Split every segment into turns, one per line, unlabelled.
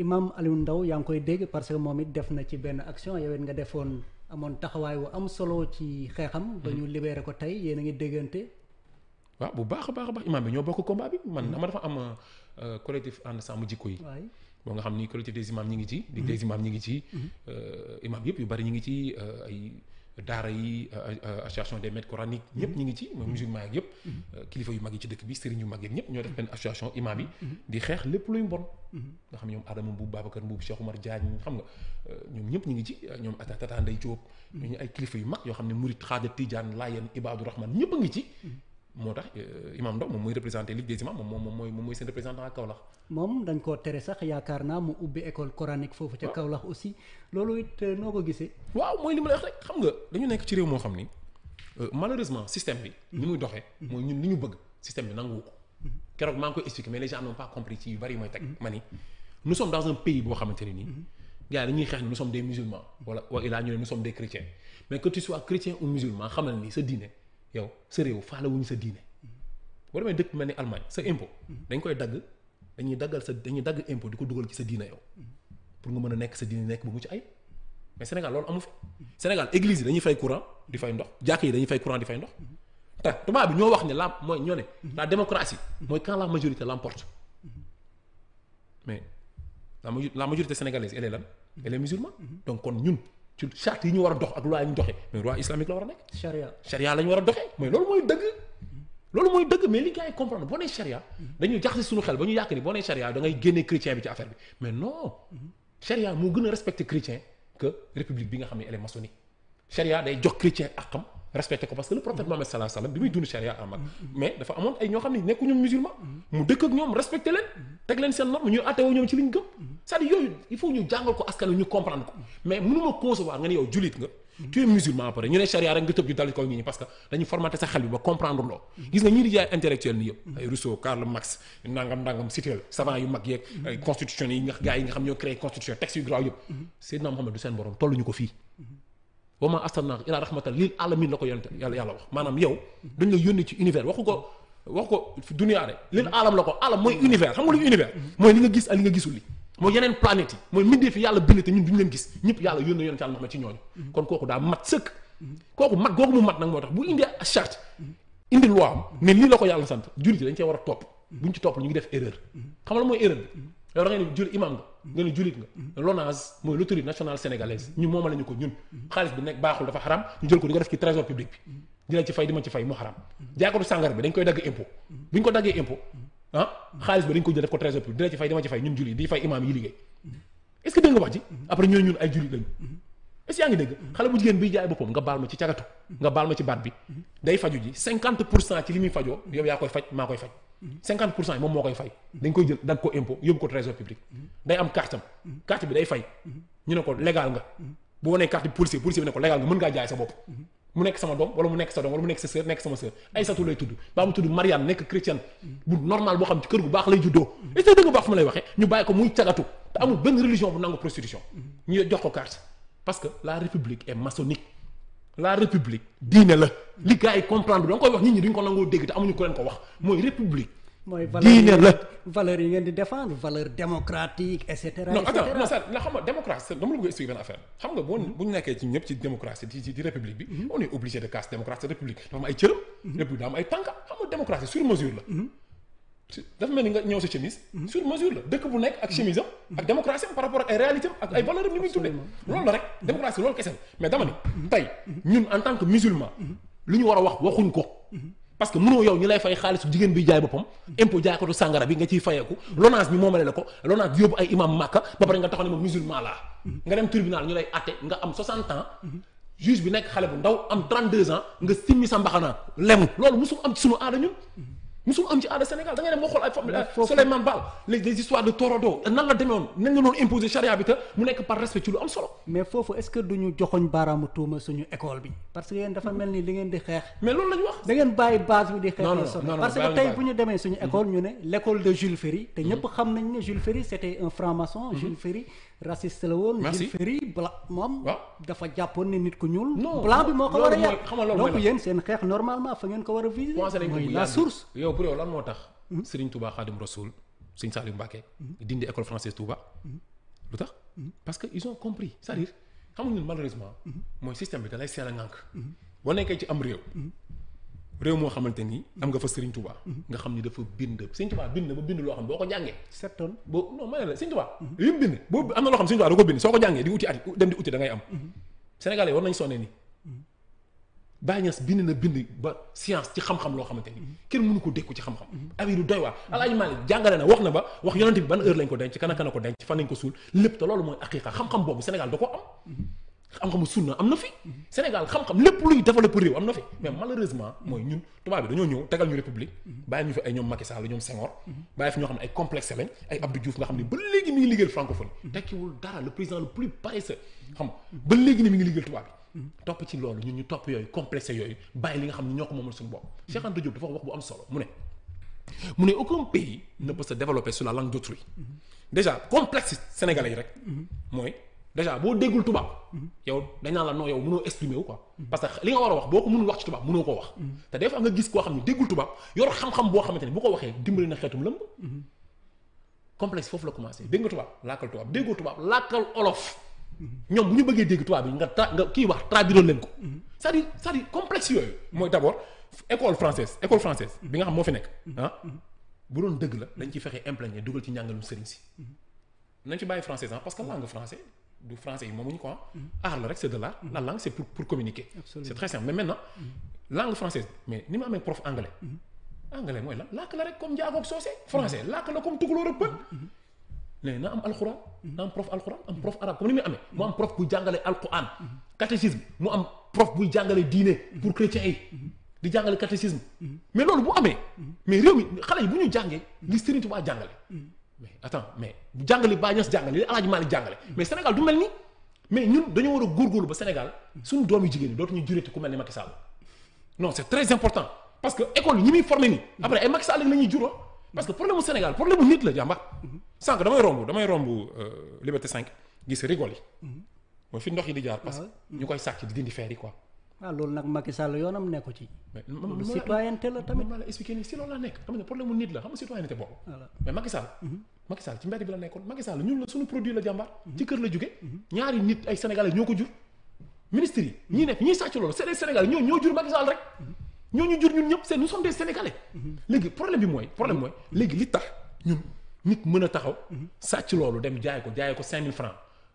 Imam Aliou ndaw yaa ngi koy dégg parce que moom it def na ci benn action yow nga defoon amoon taxawaay wu am solo ci xeexam. ba ñu mm-hmm. libéré ko tey yéen a ngi déggante.
waaw bu baax a baax a baax imam bi ñoo bokk combat bi man ma dafa am euh, collectif ànd sàmm jikko yi. boo nga xam ni collectif des imams ñi ngi ci. Mm-hmm. des imams ñi ngi ci. Mm-hmm. Euh, imam yëpp yu bari ñi ngi ci euh, ay. daara yi euh, association des maîtres coraniques ñëpp ñu ngi ci mooy musulman yeeg yëpp mhm. euh, kilifa yu mag yi ci dëkk bi sëriñ yu mag yeeg ñëpp ñoo def benn association imam yi mhm. Mhm. di xeex lépp luy mbon nga xam ñoom Adama Mbuub Babacar Mbuub Cheikh Oumar Diagne xam nga euh, ñoom ñëpp ñu ngi ci ñoom ata tata Ndey Jóob ñu ay kilifa yu mag yoo xam ne murit xaaja tiijaan laa Ibaadu Rahman ñëpp a ngi ci moo tax euh, imam Ndao moom muy représenté Ligue des imams moom moom mooy moom mooy seen représentant ak Kaolack.
moom dañ koo tere sax yaakaar naa mu ubbi école coranique foofu ca Kaolack aussi loolu it euh, noo ko gisee.
waaw mooy li ma la wax rek xam nga dañu nekk ci réew moo xam ni euh, malheureusement système bi. ni muy doxee. Mhm. mooy ñun li ñu bëgg système bi nanguwu ko. Mhm. keroog maa ngi koy expliqué mais les gens n'ont pas compris ci yu bari mooy teg. Mhm. ma ni nous sommes dans un pays boo xamante ne nii. gars yi dañuy xeex ne nous sommes des musulmans. wala wala ñu ne nous sommes des chrétiens mais que tu sois chrétien ou musulman xamal ni sa diine. yow sa réew faalewuñu sa diine boo demee dëkk mel ni Allemagne sa impôt dañ koy dagg dañuy daggal sa dañuy dagg impôt di ko dugal ci sa diine yow pour nga mën a nekk sa diine nekk bu ci ay mais Sénégal loolu amu fa Sénégal église yi dañuy fay courant di fay ndox jàkk yi dañuy fay courant di fay ndox te tubaab bi ñoo wax ne la mooy ñoo ne la démocratie mooy quand la majorité l'emporte mais la majorité sénégalaise elle est lan elle est musulmane donc kon ci charte yi ñu war a dox ak loi yi ñu doxee mais loi islamique la war a nekk. charia charia la war a doxee mais loolu mooy dëgg. loolu mooy dëgg mais li gars yi comprendre boo nee charia dañuy jaxase suñu xel ba ñu yàq ni boo nee charia da ngay génne chrétien bi ci affaire bi mais non charia moo gën a respecter chrétien que république bi nga xam ne elle est maçonnique charia day jox chrétien àqam respecté ko parce que le prophète mm-hmm. Mohammed sallallahu alayhi wa sallam bi muy dund charia en Makka mm-hmm. mais dafa amoon ay ñoo xam ne musulman mm-hmm. mu dëkk ak ñoom respecté leen teg leen seen norme ñuy attewoo ñoom ci li gëm cest à yooyu il faut ñu jàngal ko askan ñu comprendre ko mais mënuma concevoir nga ne yow julit nga tu musulman après ñu ne charia rek nga tëb dal ko nit ñi parce dañu formaté sa xel bi ba comprendre loo gis nga ñii di intellectuel ni yëpp wa ma arsalnaaka illaa rahmatan lil aalamiin la ko yonent yàlla yàlla wax maanaam yow dañ la yónni ci univers waxu ko waxu ko xam nga lu univers mooy li nga gis ak li nga gisul li mooy yeneen planètes yi mooy mbindee fi yàlla bind ñëpp yàlla yónni yonent yàlla Muhammad ci ñooñu kon kooku daa mat sëkk kooku mat googu mu moo tax bu indee indi loi am ne lii la ko yàlla sant jullit yi dañ cee war a topp buñ ci topp ñu ngi def erreur xam nga mooy erreur bi yow da ngay ne imam nga nga ne julit nga LONASE mooy l'autorité nationale sénégalaise ñu moom ñu ko ñun xaalis bi nekk baaxul dafa xaram ñu jël ko di ko def ci trésor public bi di la ci fay di ma ci fay mu xaram jaakatu sàngara bi dañ koy dagg impôt bu ñu ko daggee impôt ah xaalis bi dañ ko jël def ko trésor public di ci fay di ma ci fay ñun julit di fay imam yi liggéey est-ce que dégg wax ji après ñooy ñun ay julit lañu est-ce yaa ngi dégg xale bu jigéen biy jaay boppam nga baal ma ci cagatu nga baal ma ci baat bi day faju ji cinquante pour cent ci li muy fajoo yow yaa koy faj maa koy faj cinquante pour cent yi moom moo koy fay dañ koy jël dagg ko impôt yóbbu ko trésor public day am carte am carte bi day fay ñu ne ko légal nga bu wanee carte bi policier policier bi ne ko légal nga mën ngaa jaay sa bopp mu nekk sama doom wala mu nekk sa doom wala mu nekk sa sœur nekk sama sœur Aysatu lay tudd baa mu tudd Mariane nekk chrétienne bu normal boo xam ci kër gu baax lay juddoo est-ce que da nga baax fu ma lay waxee ñu bàyyi ko muy cagatu te amul benn religion bu nangu prostitution ñu jox ko carte parce que la république est maçonnique la république diine la li gars yi comprendre da nga koy wax nit ñi duñ ko nangoo dégg te amuñu ko leen ko wax mooy république. diine la valeur yi ngeen di défendre valeur démocratique et cetera. non attends non ça xam nga démocratie dama la bëgg expliquer affaire xam nga boo ñu nekkee ci ñëpp ci démocratie ci ci république bi. Mhm. on est de casse démocratie république dafa am ay cëram. Mhm. république daa ay tànk xam dafa mel ni nga ñëw sa chemise. Mhm. sur mesure la dëkk bu nekk ak chemise am. ak mhm. démocratie am par rapport ak ay réalité ak ay valeur am ni muy tuddee. Mhm. loolu la rek démocratie loolu kese la mais dama ni. tey ñun en tant que musulman. lu ñu war a wax waxuñ ko. parce que mënoo yow ñu lay fay xaalisu jigéen bi jaay boppam impôt jaay ko sàngara bi nga ciy fayeeku lonage bi moomale la ko lonage yóbbu ay imam màkka ba pare nga taxaw ne ma musulman laa nga dem tribunal ñu lay musul am ci aada Sénégal da ngay dem moo xool ay fo Souleymane Baal les des histoires de Torodo nan la demee woon nañ la doon charia bi te mu nekk par respect ci lu am solo.
mais foofu est-ce que joxoñ baaraamu tuuma suñu école bi. parce que yéen dafa mel ni li ngeen di xeex. mais loolu lañu wax. da ngeen bàyyi base bi di xeex. parce que tey bu ñu demee suñu mm-hmm. école ñu ne l'école de Jules Ferry. te mm-hmm. ñëpp xam nañ ne Jules Ferry c'était un raciste la woon. merci Ferry moom. dafa jàppoon ne nit ku ñuul. blanc bi moo ko war a yàq donc yéen seen xeex normalement fa ngeen ko war a viser. mooy la source
yow pour yow lan moo tax. Hmm? Serigne Touba Khadim Rasoul Serigne Saliou Mbacké. Hmm? dindi école française Touba. Hmm? lu tax parce que ils ont compris c'est-à-dire xam nga ñun malheureusement. mooy système bi da lay seel a ŋànk. boo nekkee ci am réew. réew moo xamante ni mhm. am nga fa Serigne Touba. Mhm. nga xam ni dafa bind Serigne Touba bind ba bind loo xam boo ko jàngee. sept tonnes boo non ma la Serigne Touba. Mhm. li mu bind boo am na loo xam Serigne Touba da ko bind soo ko jàngee di uti at dem di uti da ngay am. Sénégalais war nañ sonné ni Baye bind na bind ba science ci xam-xam loo xamante ni kenn mënu ko dékku ci xam-xam abi lu doy waar Alaaji Maalik jàngale na wax na ba wax yonante bi ban heure lañ ko denc kana kana ko denc fan lañ ko suul lépp te loolu mooy xam-xam boobu Sénégal da ko am xam-xamu sunna am na fi Sénégal xam-xam lépp luy développé réew am na fi mais malheureusement mooy ñun tubaab bi dañoo ñëw tegal ñu république bàyyi ñu fi ay ñoom Macky Sall ñoom Senghor bàyyi fi ñoo xam ne ay complexe lañ ay Abdou Diouf ne ba léegi mi ngi liggéeyal francophone tekkiwul dara le président le plus paresseux xam ba léegi ne mi ngi liggéeyal tubaab bi topp ci loolu ñun ñu topp yooyu complexe yooyu bàyyi li nga xam ne ñoo ko moomal suñu bopp Cheikh Anta Diop dafa wax bu mu ne mu ne aucun pays ne peut se développer sur la langue d'autrui déjà complexe yi rek mooy déjà boo déggul tubaab. Mhm. yow dañ naan la non yow mënoo exprimer wu quoi. parce que li nga war a wax boo ko mënul wax ci tubaab mënoo koo wax. Mhm. te des fois nga gis koo xam ne déggul tubaab yor xam-xam boo xamante ne bu ko waxee dimbali na xeetum lëmb. Mhm. complexe foofu la commencé dégg nga tubaab làkkal tubaab déggoo tubaab làkkal olof. ñoom bu ñu bëggee dégg tubaab bi nga tra nga kii wax traduire leen ko. c'est-à-dire c'est-à-dire complexe yooyu. mooy d'abord école française école française nga xam moo fi nekk. Ah. bu doon dëgg la dañ ci fexe imprégné dugal ci njàngalum sëriñ si. nañ ci bàyyi français ah, parce que langue français du français yi moomuñu quoi. art la rek c'est de l'art. la langue c'est pour pour communiquer. Absolument. c'est très simple mais maintenant. langue française mais ni ma amee prof anglais. anglais mooy lan làkk la rek comme njaagoog soose. français làkk la comme tukulóor ak pël. léegi na am alxuraan. na am prof alxuraan am prof arabe comme ni muy amee. mu am prof buy jàngale alxuraan. catéchisme mu am prof buy jàngale diine. pour chrétiens yi. di jàngale catéchisme. mais loolu bu amee. mais réew mi xale yi bu ñu jàngee. li Serigne Touba jàngale. mais attends mais bu jàngale Baye Niass jàngale li El Hadj Malick jàngale mais Sénégal du mel ni mais ñun dañoo war a góorgóorlu ba Sénégal suñu doom yi jigéen ñi dootuñu jureeti ku mel ni Macky Sall non c'est très important parce que école yi ñi muy formé nii après ay Macky Sall la juróom parce que problème mu Sénégal problème mu nit la jàmbaar sànq damay romb damay romb euh, Liberté 5 gis rigole yi mhm. mooy fi ndox yi di jaar parce que ah ñu koy sàcc di dindi feer yi quoi waaw loolu nag Macky Sall yoonam nekku ci. loolu citoyenneté la tamit ma la expliqué nii si nekk xam nga problème mu nit la xam nga citoyenneté boobu. mais Macky Sall. Mhm. Macky Sall ci mbedd bi la nekkoon Macky ñun la suñu produit la jàmbaar. Mhm. ci kër la jóge mhm. ñaari nit ay sénégalais ñoo ko jur. ministre yi ñii nekk ñii sàcc loolu c'est des sénégalais ñoo ñoo jur Macky Sall rek. ñoo ñu jur ñun ñëpp c'est nous sommes des sénégalais. léegi problème bi mooy problème mooy léegi li tax ñun nit mën a taxaw. sàcc loolu dem jaay ko jaay ko 5000 francs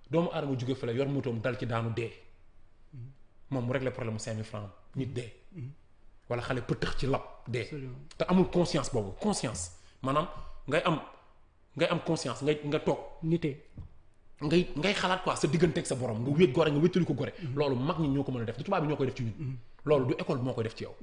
doomu aadama jóge fële yor motoom dal ci daanu dee moom mu régler problème mu nit dee. Mm-hmm. wala xale pëtëx ci lab de te amul conscience boobu conscience maanaam ngay am ngay am conscience ngay nga toog. nitee ngay ngay xalaat quoi sa digganteeg sa borom nga wéet gore nga wéttali ko gore. Mm-hmm. loolu mag ñi ñoo ko mën a def du tubaab bi ñoo koy def ci ñun. Mm-hmm. loolu du école moo koy def ci yow.